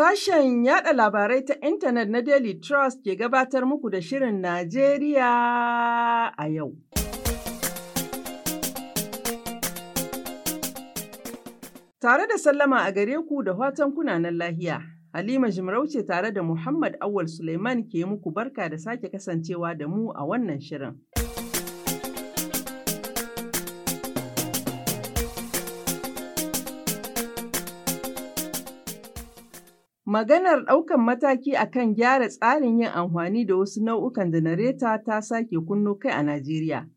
Sashen yada labarai ta intanet na Daily Trust ke gabatar muku da Shirin Najeriya a yau. Tare da sallama a gare ku da watan kunanan lahiya, Halima Jimarauce tare da Muhammad Awal Suleiman ke muku barka da sake kasancewa da mu a wannan shirin. Maganar ɗaukan mataki a kan gyara tsarin yin amfani da wasu nau'ukan janareta ta sake kunnu kai a Najeriya.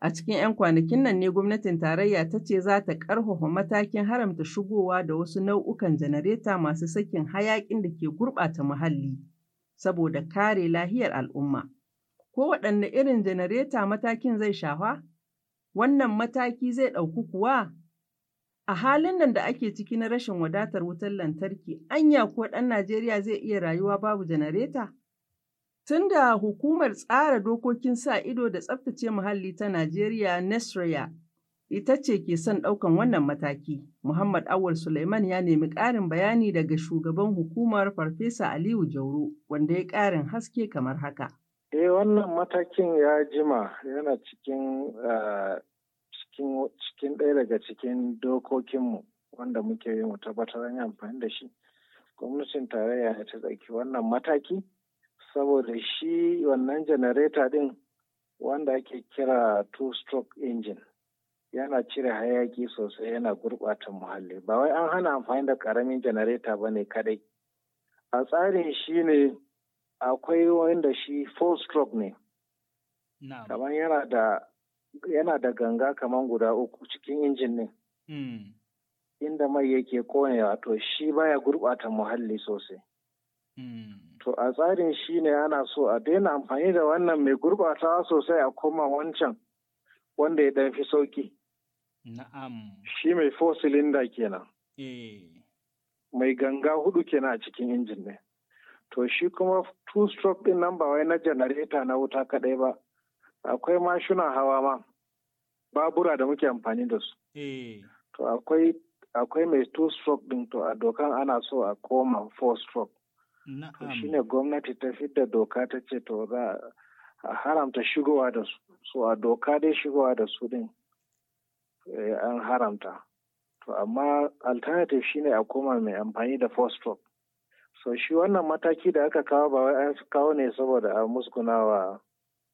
A cikin 'yan kwanakin nan ne gwamnatin tarayya ta ce za ta ƙarfafa matakin haramta shigowa da wasu nau'ukan janareta masu sakin hayaƙin da ke gurɓata muhalli, saboda kare lahiyar al'umma. Ko waɗanne irin janareta matakin zai shafa? Wannan mataki zai ɗauku kuwa? A halin nan da ake ciki na rashin wadatar wutar lantarki, anya ko ɗan Najeriya zai iya rayuwa babu janareta? Tun da Hukumar Tsara Dokokin Sa Ido da Tsaftace Muhalli ta Najeriya nesriya ita ce ke son ɗaukan wannan mataki, Muhammad Awul Suleiman ya nemi ƙarin bayani daga shugaban hukumar Farfesa Aliyu Jauro, wanda ya ƙarin haske kamar haka. Eh wannan matakin ya jima yana cikin eh, cikin ɗaya daga cikin dokokinmu wanda muke yi mu tabbatar an yi amfani da shi gwamnatin tarayya ta tsaki wannan mataki saboda shi wannan janareta din, wanda ake kira two stroke engine yana cire hayaki sosai yana gurɓata muhalli ba wai an hana amfani da ƙaramin janareta ba ne kadai a tsarin shi ne akwai wanda shi four stroke ne kamar yana da yana da ganga kamar guda uku cikin injin ne. Hmm. Inda mai yake konewa to shi baya gurɓata muhalli sosai. Hmm. To a tsarin shi ne ana so a daina amfani da wannan mai gurɓatawa sosai a koma wancan wanda ya fi sauki. Na'am. Shi mai four kenan. Eh. Mai ganga hudu kenan a cikin injin ne. To shi kuma two stroke ɗin nan ba wai na janareta na wuta kaɗai ba. akwai mashinan hawa ma babura da muke amfani da su eh. to akwai akwai mai two stroke din to a dokan ana so a koma four stroke to ne gwamnati ta da doka ta ce to za a haramta shigowa da su so a doka dai shigowa da su din eh, an haramta to amma alternative shine a koma mai amfani da four stroke so shi wannan mataki da aka kawo ba wai an kawo ne saboda a musgunawa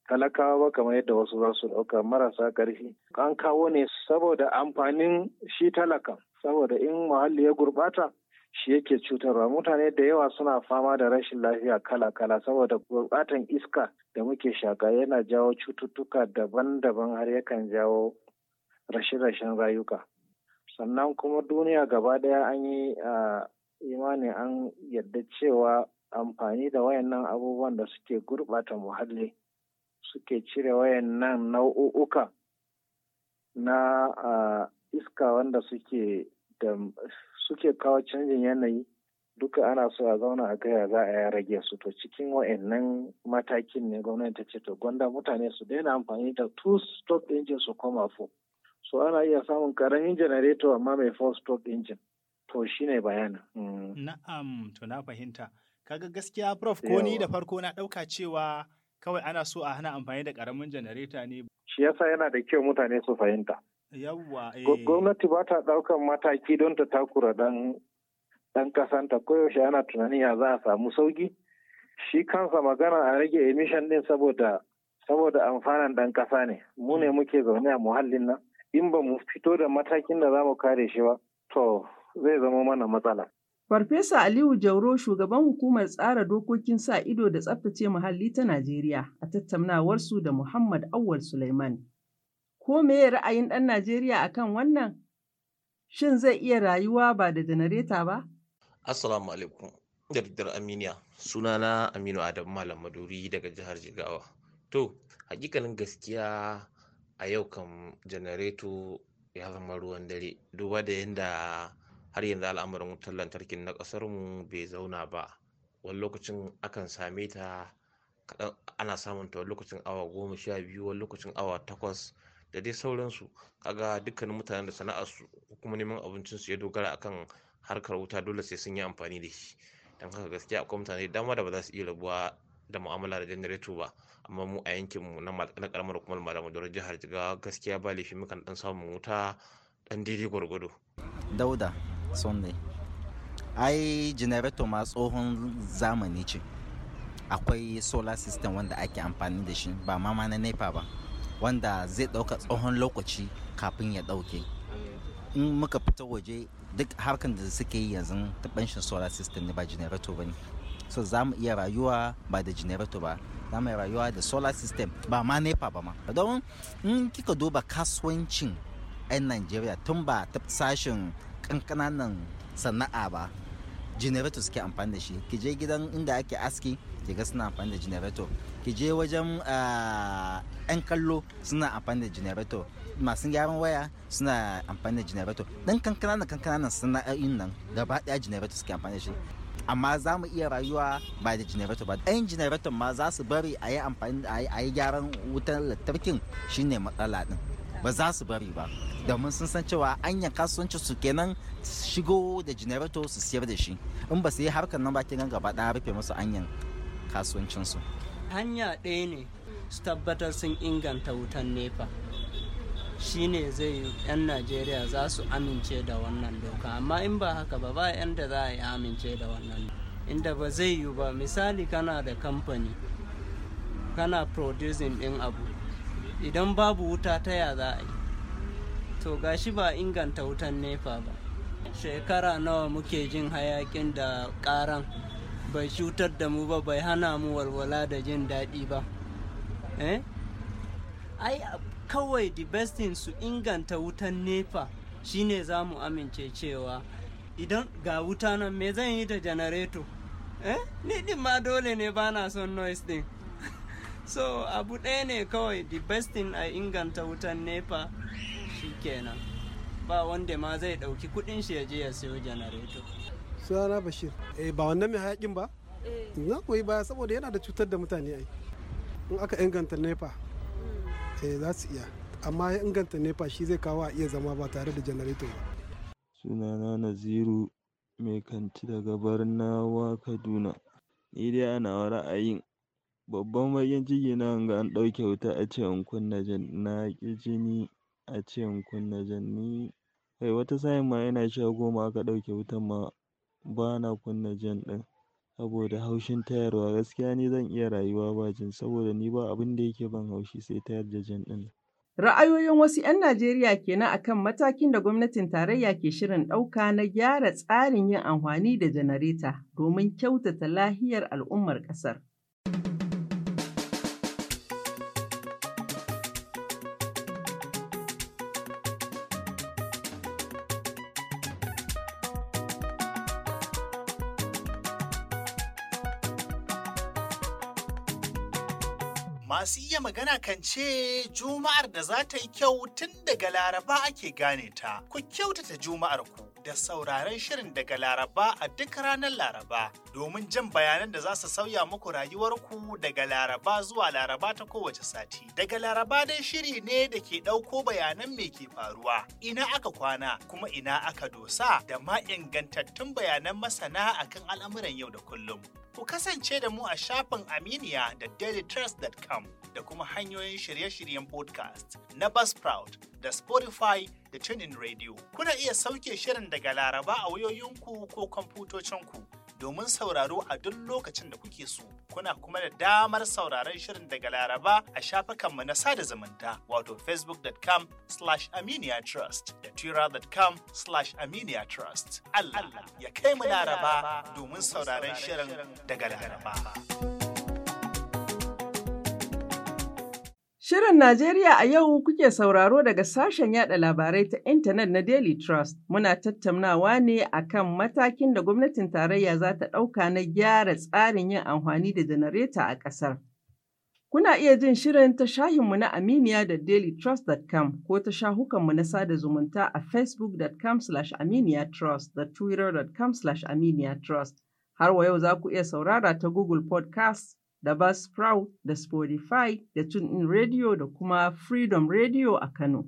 talakawa ba kamar yadda wasu za su ɗauka marasa ƙarfi an kawo ne saboda amfanin shi talakan saboda in muhalli ya gurɓata shi yake cutarwa mutane da yawa suna fama da rashin lafiya kala-kala saboda gurɓatan iska da muke shaka yana jawo cututtuka daban-daban har yakan jawo rashin rashin rayuka sannan kuma duniya gaba ɗaya an yi imanin an yadda cewa amfani da wayannan abubuwan da suke gurɓata muhalli suke cire wayannan nau'uka na iska wanda suke da suke kawo canjin yanayi duka ana so a zauna a gaya za a ya rage su to cikin wa'annan matakin ne gwamnati ta ce to gwanda mutane su daina amfani da two stop engine su koma fo so ana iya samun karamin janareto amma mai four stop engine to shine bayanin mm. na'am to na fahimta kaga gaskiya prof ko ni da farko na dauka cewa kawai ana so a hana amfani da ƙaramin janareta ne. Shi yasa yana da kyau mutane su fahimta. Yawwa. Eh. Gwamnati ba ta ɗaukan mataki don ta takura ɗan ɗan ƙasanta koyaushe ana tunanin ya za a samu sauki. Shi kansa magana a rage emission ɗin saboda saboda amfanan ɗan ƙasa ne. Mu ne hmm. muke zaune a muhallin nan. In ba mu fito da matakin da za mu kare shi ba, to zai zama mana matsala. Farfesa Aliyu Jauro, shugaban Hukumar Tsara Dokokin Sa Ido da Tsaftace Muhalli ta Najeriya, a tattaunawarsu da Muhammad Awwal Sulaiman. Ko meye ra'ayin ɗan Najeriya akan wannan? Shin zai iya rayuwa ba da janareta ba? Assalamu alaikum, Dardar Aminiya, sunana Aminu Adam Malam Maduri daga jihar Jigawa. To, hakikanin gaskiya a yau kan janareto ya zama ruwan dare, duba da yadda har yanzu al'amarin wutar lantarkin na kasar mu bai zauna ba wani lokacin akan same ta ana samun ta wani lokacin awa goma sha biyu wani lokacin awa takwas da dai sauransu kaga dukkanin mutanen da sana'ar su kuma neman abincin su ya dogara akan harkar wuta dole sai sun yi amfani da shi don haka gaskiya akwai mutane dama da ba za su iya rabuwa da mu'amala da janareto ba amma mu a yankin mu na karamar kuma malamu da jihar jigawa gaskiya ba laifi mukan dan samun wuta dan daidai gwargwado dauda sunday ai generator ma tsohon zamani ce akwai solar system wanda ake amfani da shi ba ma na nepa ba wanda zai ɗauka tsohon lokaci kafin ya ɗauke in muka fita waje duk harkan da suke yi yanzu ta banshin solar system ne ba generator ba ne so za mu iya rayuwa ba da generator ba za mu iya rayuwa da solar system ba ma nepa ba ma don in kika duba kasuwancin 'yan najeriya tun ba ta sashen kankananan sana'a ba generator suke amfani da shi ki je gidan inda ake aski ki ga suna amfani da generator ki je wajen yan ah, kallo suna amfani da generator masu gyaran waya suna amfani da generator dan kankananan kankananan sana'a'in nan gaba daya generator suke amfani da shi amma za mu iya rayuwa ba da generator ba ɗayan generator ma za su bari a yi amfani a yi gyaran wutar lantarkin shine matsala din ba za su bari ba domin sun san cewa anyan kasuwanci su kenan shigo da generator su siyar da shi in ba su yi harkar nan ba kenan gaba ɗaya rufe musu anyan kasuwancin hanya ɗaya ne su tabbatar sun inganta wutan nepa shine zai 'yan najeriya za su amince da wannan doka amma in ba haka ba ba 'yan za a yi amince da wannan inda ba zai yi ba misali kana da kamfani kana producing din abu idan babu wuta ta ya za a yi to gashi ba inganta wutan nefa ba shekara nawa muke jin hayakin da karan bai cutar da mu ba bai hana mu walwala da jin daɗi ba eh ai kawai the best thing su inganta wutan nefa shine za mu amince cewa idan ga wuta nan me zan yi da janareto eh ni din ma dole ne ba na son noise din so abu ɗaya ne kawai the best thing a inganta wutan nefa. kenan ba wanda ma zai ɗauki kuɗin shi ya je ya sayo janareto sunana bashir eh ba wannan mai hayakin ba eh. na koyi baya saboda yana da cutar da mutane ai in aka inganta nepa hmm. eh za su iya amma ya inganta nepa shi zai kawo a iya zama ba tare da janareto ba sunana naziru mai kanti daga barnawa kaduna ni dai ana wa ra'ayin babban bakin ciki na ga an ɗauke wuta a ce in kunna na ƙi jini a ce in kunna jan ni. Kai eh, wata sa'in ma yana sha goma aka ɗauke wutan ma ba na kunna jan ɗin saboda haushin tayarwa. Gaskiya ni zan iya rayuwa ba jan saboda ni ba abin da yake ban haushi sai tayar da jan ɗin. Ra'ayoyin wasu ‘yan Najeriya kenan akan matakin da gwamnatin tarayya ke shirin ɗauka na gyara tsarin yin amfani da janareta domin kyautata lahiyar al'ummar ƙasar. Masu iya magana kan ce Juma'ar da za ta yi kyau tun daga Laraba ake gane ta. Ku kyautata Juma'ar ku da sauraron shirin daga Laraba a duk ranar Laraba. domin jin bayanan da za su sauya muku rayuwarku daga Laraba zuwa Laraba ta kowace sati. Daga Laraba dai shiri ne da ke ɗauko bayanan me ke faruwa, ina aka kwana kuma ina aka dosa da ma ingantattun bayanan masana akan al'amuran yau da kullum. Ku kasance da mu a shafin Aminiya da dailytrust.com da kuma hanyoyin shirye-shiryen podcast na Buzzsprout da Spotify da "Tuning Radio. Kuna iya sauke shirin daga Laraba a wayoyinku ko kwamfutocinku. domin sauraro a duk lokacin da kuke so. Kuna kuma da damar sauraron shirin daga Laraba a shafukanmu na sada zumunta wato facebook.com slash trust da twitter.com slash trust. Allah ya kai mu Laraba domin sauraron shirin daga Laraba. Shirin Najeriya a yau kuke sauraro daga sashen yada labarai ta intanet na Daily Trust. Muna tattaunawa ne a kan matakin da gwamnatin tarayya za ta ɗauka na gyara tsarin yin amfani da janareta a ƙasar. Kuna iya jin shirin ta shahinmu na Aminiya da dailytrust.com ko ta shahukanmu na sada zumunta a facebookcom aminiyatrust da twittercom trust Har wa yau za ku iya saurara ta Google podcasts? da Buzzsprout da Spotify da TuneIn Radio da kuma Freedom Radio a Kano.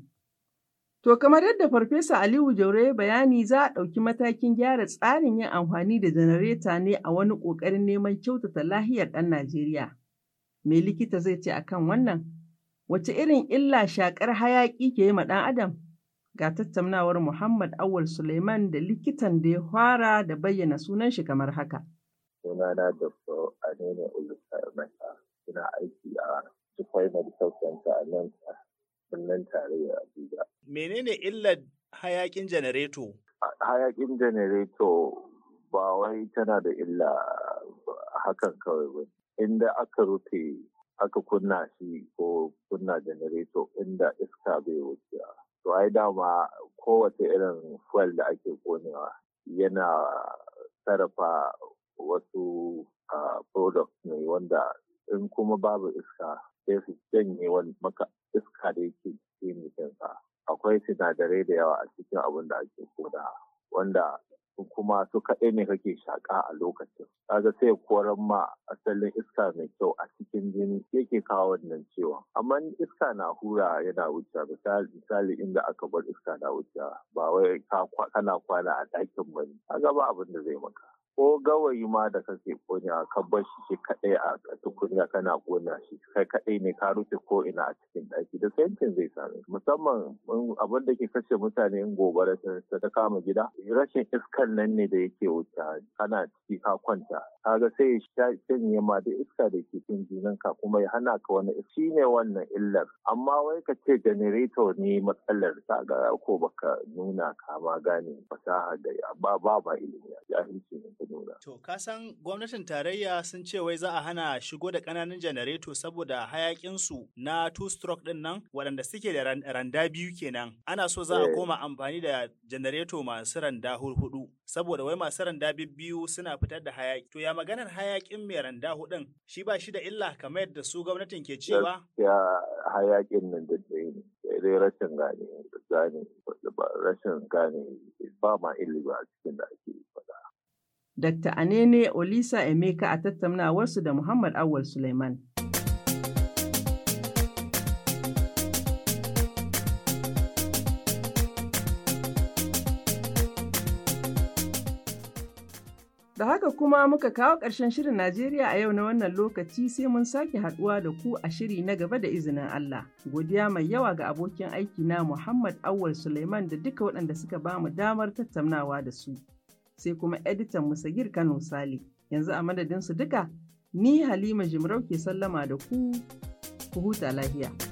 To kamar yadda Farfesa Aliyu Jauro ya bayani za a ɗauki matakin gyara tsarin yin amfani da janareta ne a wani ƙoƙarin neman kyautata lahiyar ɗan Najeriya. Me likita zai ce akan wannan? Wace irin illa shaƙar hayaƙi ke yi ma ɗan Adam? Ga tattaunawar Muhammad Awal Suleiman da likitan da ya fara da bayyana sunan shi kamar haka. sunana Dr. Anene Olusemeka suna aiki a Jikwai Medical Center a nan birnin tarayyar Abuja. Menene illar hayakin janareto? Hayakin janareto ba wai tana da illa hakan kawai ba. Inda aka rufe aka kunna shi ko kunna janareto inda iska bai wuce. To ai dama kowace irin fuel da ake konewa yana sarrafa wasu product ne wanda in kuma babu iska sai su janye wani maka iska da yake cikin jikinsa akwai sinadarai da yawa a cikin abin da ake koda wanda kuma su kaɗai ne kake shaƙa a lokacin kaga sai koran ma asalin iska mai kyau a cikin jini yake kawo wannan cewa. amma iska na hura yana wuce misali inda aka bar iska na wuce ba wai kana kwana a ɗakin bane kaga ba abin da zai maka ko gawayi ma da kake kone ka bar shi shi kadai a tukunya kana kona shi kai kadai ne ka rufe ko ina a cikin daki da sayankin zai same musamman abin da ke kashe mutane in gobara ta ta kama gida rashin iskar nan ne da yake wuta kana ciki ka kwanta ga sai ya shanye ma da iska da ke cikin jinin ka kuma ya hana ka wani shi ne wannan illar amma wai ka ce generator ne matsalar kaga ko baka nuna kama gane fasaha da ba ba ilimi jahilci ne Kaduna. To, ka san gwamnatin tarayya sun ce wai za a hana shigo da ƙananan janareto saboda hayaƙinsu na two-stroke ɗin nan waɗanda suke da randa biyu kenan. Ana so za a eh. koma amfani da janareto masu randa hudu. Saboda wai masu randa biyu suna fitar da hayaƙi. To, ya maganar hayaƙin mai randa hudun shi ba shi da illa kamar yadda su gwamnatin ke cewa? Ya hayaƙin nan da ne. dai rashin gane gane rashin gane ba ma ilimi a cikin da ake Dr. Anene Olisa Emeka a tattaunawarsu da Muhammad Awal Suleiman. Da haka kuma muka kawo ƙarshen shirin Najeriya a yau na wannan lokaci sai mun sake haɗuwa da ku a shiri na gaba da izinin Allah. Godiya mai yawa ga abokin aiki na Muhammad Awal Suleiman da duka waɗanda suka bamu damar tattaunawa da su. sai kuma editan Musagir Kano Sale. Yanzu a madadinsu duka, ni Halima Jimarau ke sallama da ku, ku huta lafiya.